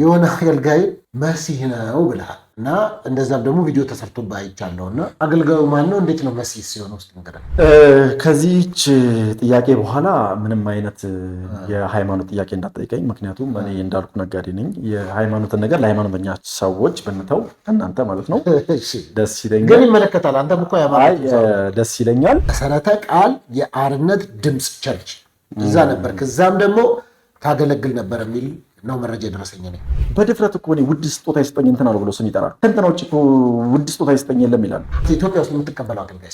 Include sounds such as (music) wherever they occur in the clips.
የሆነ አገልጋይ መሲህ ነው ብለሃል እና እንደዛም ደግሞ ቪዲዮ ተሰርቶብህ አይቻለሁ እና አገልጋዩ ማን ነው? እንዴት ነው መሲህ ሲሆን ውስጥ እንግዲህ ከዚህች ጥያቄ በኋላ ምንም አይነት የሃይማኖት ጥያቄ እንዳጠይቀኝ። ምክንያቱም እኔ እንዳልኩ ነጋዴ ነኝ። የሃይማኖትን ነገር ለሃይማኖተኛ ሰዎች ብንተው እናንተ ማለት ነው (laughs) ደስ ይለኛል። ግን ይመለከታል። አንተም እኮ ደስ ይለኛል። መሰረተ ቃል የአርነት ድምፅ ቸርች እዛ ነበር። ከዛም ደግሞ ታገለግል ነበር የሚል ነው መረጃ የደረሰኝ። ነ በድፍረት እኮ እኔ ውድ ስጦታ ይስጠኝ እንትን አለው ብሎ ስም ይጠራል። ከእንትና ውጭ ውድ ስጦታ ይስጠኝ የለም ይላል። ኢትዮጵያ ውስጥ የምትቀበለው አገልጋይ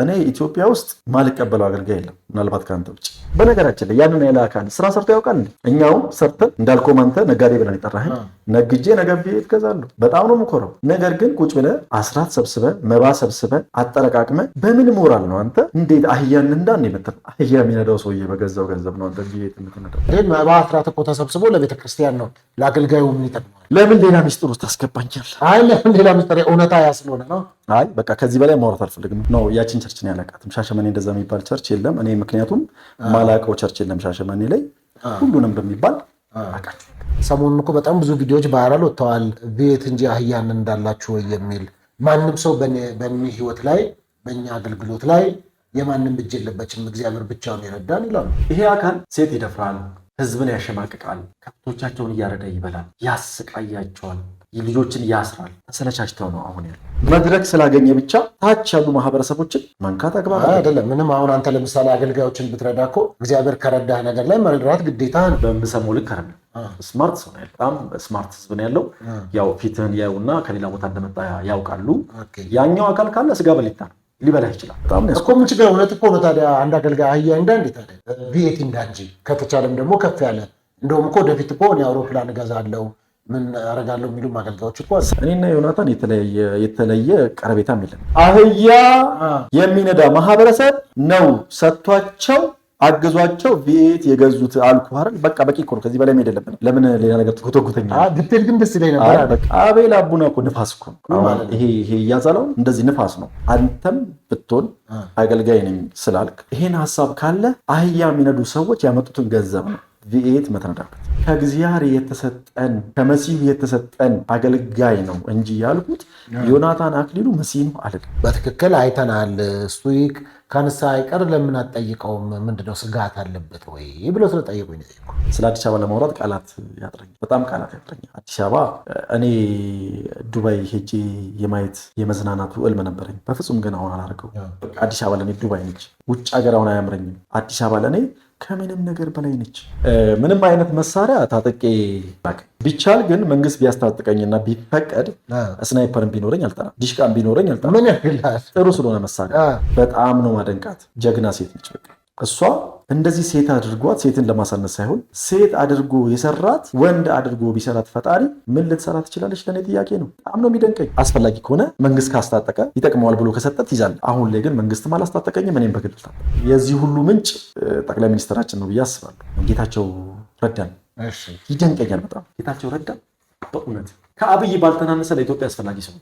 እኔ ኢትዮጵያ ውስጥ ማልቀበለው አገልጋይ የለም፣ ምናልባት ከአንተ ውጭ። በነገራችን ላይ ያንን ያለ አካል ስራ ሰርቶ ያውቃል። እኛውም ሰርተን እንዳልከውም አንተ ነጋዴ ብለን የጠራኸኝ ነግጄ ነገብ ይገዛሉ። በጣም ነው የምኮረው። ነገር ግን ቁጭ ብለ አስራት ሰብስበ መባ ሰብስበ አጠረቃቅመ በምን ሞራል ነው አንተ እንዴት አህያን እንዳን የምትል አህያ የሚነዳው ሰውዬ በገዛው ገንዘብ ነው አንተ የምትነዳው። መባ አስራት እኮ ተሰብስቦ ለቤተክርስቲያን ነው ለአገልጋዩ የሚጠቅመው ለምን ሌላ ሚስጥር ውስጥ ያለ አይ ለምን ሌላ ሚስጥር እውነታ ያ ስለሆነ ነው። አይ በቃ ከዚህ በላይ ማውራት አልፈልግም። ነው ያችን ቸርች ነው ያላቃትም። ሻሸመኔ እንደዛ የሚባል ቸርች የለም። እኔ ምክንያቱም ማላቀው ቸርች የለም ሻሸመኔ ላይ ሁሉንም በሚባል አቃቸው። ሰሞኑን እኮ በጣም ብዙ ቪዲዮዎች ባህራል ወጥተዋል። ቤት እንጂ አህያን እንዳላችሁ ወይ የሚል ማንም ሰው በእኔ ህይወት ላይ በእኛ አገልግሎት ላይ የማንም እጅ የለበችም፣ እግዚአብሔር ብቻውን ይረዳን ይላሉ። ይሄ አካል ሴት ይደፍራል ህዝብን ያሸማቅቃል፣ ከብቶቻቸውን እያረደ ይበላል፣ ያሰቃያቸዋል፣ ልጆችን ያስራል። ተሰለቻችተው ነው አሁን ያለ መድረክ ስላገኘ ብቻ ታች ያሉ ማህበረሰቦችን መንካት አግባብ አይደለም። ምንም አሁን አንተ ለምሳሌ አገልጋዮችን ብትረዳ እኮ እግዚአብሔር ከረዳህ ነገር ላይ መረዳት ግዴታ በምሰሙ ልክ ከረዳ ስማርት ሰው ነው በጣም ስማርት ህዝብ ነው ያለው። ያው ፊትህን ያዩና ከሌላ ቦታ እንደመጣ ያውቃሉ። ያኛው አካል ካለ ስጋ በሊታ ነው ሊበላ ይችላል እኮ ምን ችግር እውነት እኮ ነው ታዲያ አንድ አገልጋይ አህያ እንዳንዴ ታዲያ ቪኤት እንዳ እንጂ ከተቻለም ደግሞ ከፍ ያለ እንደውም እኮ ወደፊት እኮ እኔ አውሮፕላን እገዛለሁ ምን አረጋለሁ የሚሉም አገልጋዮች እኮ እኔና ዮናታን የተለየ ቀረቤታም የለም አህያ የሚነዳ ማህበረሰብ ነው ሰጥቷቸው አገዟቸው ቤት የገዙት አልኩ አይደል? በቃ በቂ እኮ ነው። ከዚህ በላይ መሄድ የለብንም። ለምን ሌላ ነገር ትኮተኩተኛ? ዲቴል ግን ደስ ይለኝ ነበር። አቤል አቡና እኮ ንፋስ እኮ ይሄ እያዛለው እንደዚህ ንፋስ ነው። አንተም ብትሆን አገልጋይ ነኝ ስላልክ ይሄን ሀሳብ ካለ አህያ የሚነዱ ሰዎች ያመጡትን ገንዘብ ነው ቪኤት መተነዳበት ከእግዚአር የተሰጠን ከመሲሁ የተሰጠን አገልጋይ ነው እንጂ ያልኩት ዮናታን አክሊሉ መሲህ ነው አለ። በትክክል አይተናል። እሱ ከንሳ አይቀር ለምን አትጠይቀውም? ምንድነው ስጋት አለበት ወይ ብሎ ስለጠየቁኝ ስለ አዲስ አበባ ለማውራት ቃላት ያጥረኝ፣ በጣም ቃላት ያጥረኝ። አዲስ አበባ እኔ ዱባይ ሄጄ የማየት የመዝናናቱ እልም ነበረኝ። በፍጹም ግን አሁን አላደርገው። አዲስ አበባ ለእኔ ዱባይ ነች። ውጭ ሀገር አሁን አያምረኝም። አዲስ አበባ ለእኔ ከምንም ነገር በላይ ነች። ምንም አይነት መሳሪያ ታጠቄ ቢቻል ግን መንግስት ቢያስታጥቀኝና ቢፈቀድ ስናይፐርን ቢኖረኝ አልጠራም፣ ዲሽቃን ቢኖረኝ አልጠራም። ጥሩ ስለሆነ መሳሪያ በጣም ነው ማደንቃት። ጀግና ሴት ነች በቃ እሷ እንደዚህ ሴት አድርጓት ሴትን ለማሳነስ ሳይሆን ሴት አድርጎ የሰራት ወንድ አድርጎ ቢሰራት ፈጣሪ ምን ልትሰራ ትችላለች? ለእኔ ጥያቄ ነው። ነው የሚደንቀኝ አስፈላጊ ከሆነ መንግስት ካስታጠቀ ይጠቅመዋል ብሎ ከሰጠ ትይዛለ። አሁን ላይ ግን መንግስትም አላስታጠቀኝም፣ እኔም በግልታ የዚህ ሁሉ ምንጭ ጠቅላይ ሚኒስትራችን ነው ብዬ አስባለሁ። ጌታቸው ረዳን ይደንቀኛል በጣም ጌታቸው ረዳ በእውነት ከአብይ ባልተናነሰ ለኢትዮጵያ አስፈላጊ ሰው